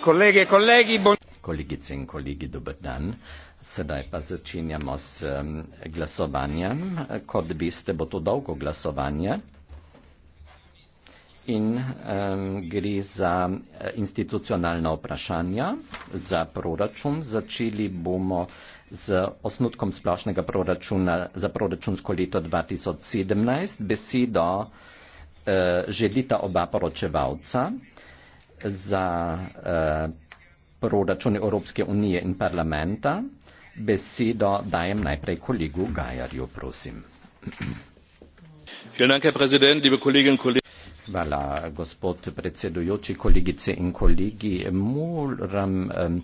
Kolege, kolegi, bom... Kolegice in kolegi, dober dan. Sedaj pa začenjamo s um, glasovanjem. Kot veste, bo to dolgo glasovanje. In um, gre za eh, institucionalna vprašanja za proračun. Začeli bomo z osnutkom splošnega proračuna za proračunsko leto 2017. Besedo uh, želita oba poročevalca. Uh, za eh, proračune Evropske unije in parlamenta. Besedo dajem najprej kolegu Gajarju, prosim. Hvala, gospod predsedujoči, kolegice in kolegi. Moram, um,